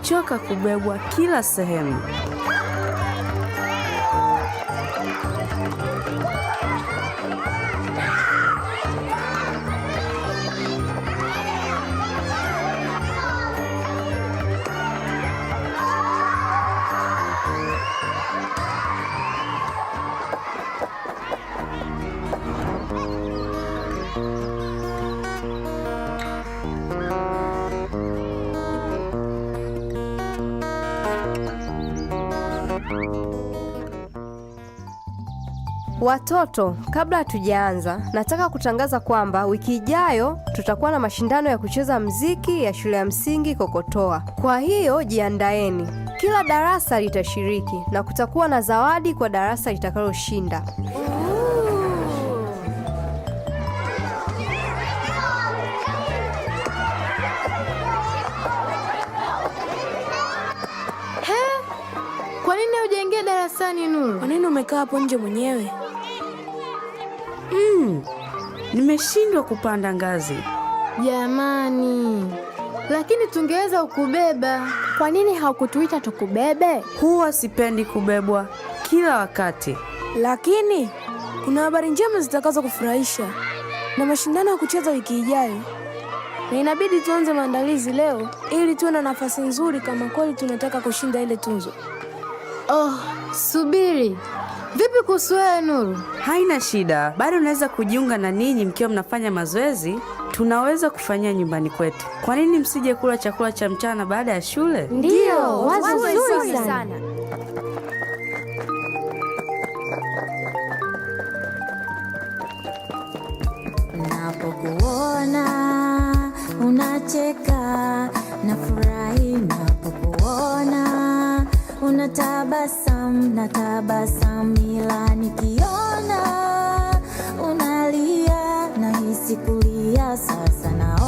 kuchoka kubebwa kila sehemu. Watoto, kabla hatujaanza, nataka kutangaza kwamba wiki ijayo tutakuwa na mashindano ya kucheza mziki ya shule ya msingi Kokotoa. Kwa hiyo jiandaeni, kila darasa litashiriki na kutakuwa na zawadi kwa darasa litakaloshinda. kwa nini ujengee darasani Nuru? Kwa nini umekaa hapo nje mwenyewe? Mm, nimeshindwa kupanda ngazi jamani. Lakini tungeweza ukubeba. Kwa nini haukutuita tukubebe? Huwa sipendi kubebwa kila wakati. Lakini kuna habari njema zitakazo kufurahisha na mashindano ya kucheza wiki ijayo, na inabidi tuanze maandalizi leo ili tuwe na nafasi nzuri kama kweli tunataka kushinda ile tunzo. Oh, subiri Vipi kuhusu wewe Nuru? Haina shida, bado unaweza kujiunga na ninyi mkiwa mnafanya mazoezi, tunaweza kufanyia nyumbani kwetu. Kwa nini msije kula chakula cha mchana baada ya shule? Ndiyo, wazo zuri sana, Napokuona unacheka, furahi, Napokuona unatabasa Naam, natabasamila nikiona unalia, nahisi kulia sasa na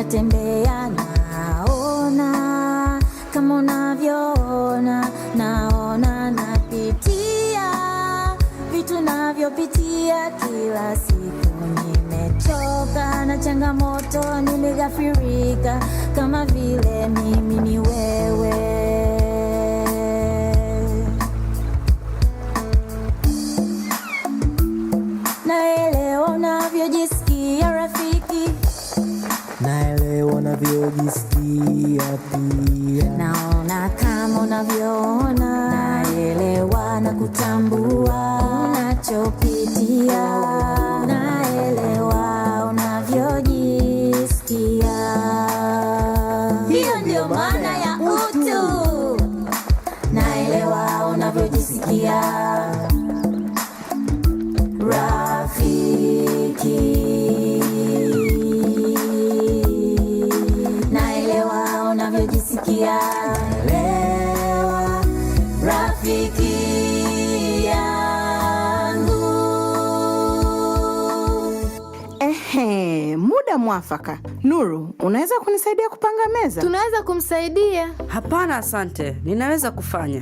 natembea naona, kama unavyoona naona, napitia vitu navyopitia kila siku, nimechoka na changamoto, nimegafirika kama vile mimi unavyojisikia pia, naona kama unavyoona, naelewa na kutambua unachopitia muda mwafaka. Nuru, unaweza kunisaidia kupanga meza? Tunaweza kumsaidia. Hapana, asante, ninaweza kufanya.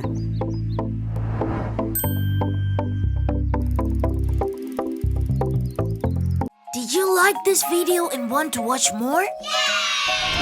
Did you like this video and want to watch more? Yeah!